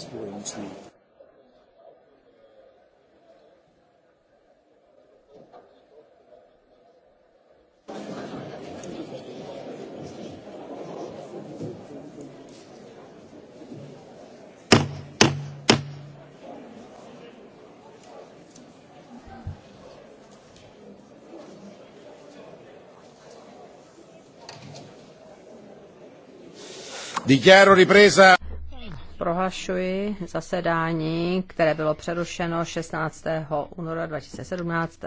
experience Dichiaro ripresa prohlašuji zasedání, které bylo přerušeno 16. února 2017